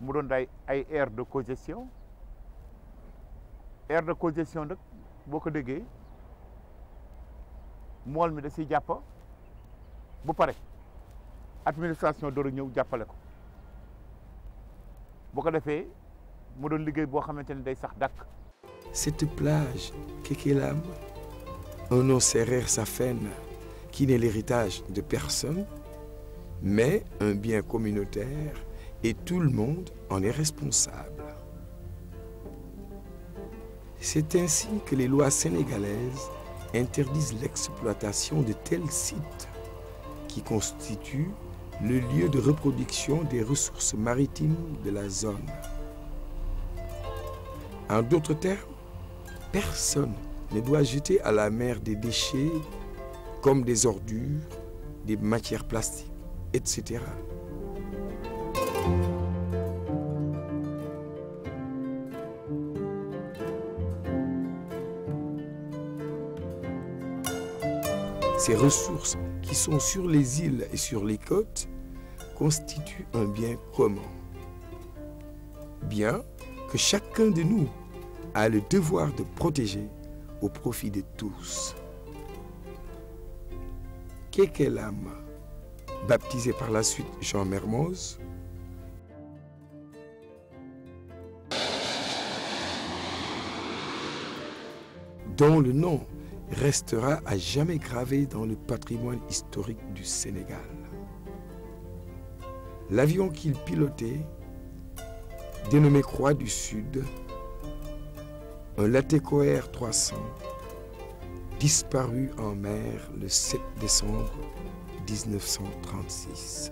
mu doon day ay air de cogestion aire de cogestion nag boo ko déggee mool mi da siy jàpp bu pare administration door a ñëw jàppale ko bu ko defee mu doon liggéey boo xamante ne day sax dàkk. Cette plage Kékélam un nom sérère Safen qui n'est l'héritage de personne mais un bien communautaire et tout le monde en est responsable. C'est ainsi que les lois sénégalaises interdisent l'exploitation de tels sites qui constituent le lieu de reproduction des ressources maritimes de la zone. En d'autres termes, personne ne doit jeter à la mer des déchets comme des ordures, des matières plastiques, etc. Ces ressources qui sont sur les îles et sur les côtes constituent un bien commun. Bien que chacun de nous a le devoir de protéger au profit de tous. âme baptisé par la suite Jean Mermoz, dont le nom restera à jamais gravé dans le patrimoine historique du Sénégal. L'avion qu'il pilotait, dénommé Croix du Sud, un Latéco Air 300, disparu en mer le 7 décembre 1936.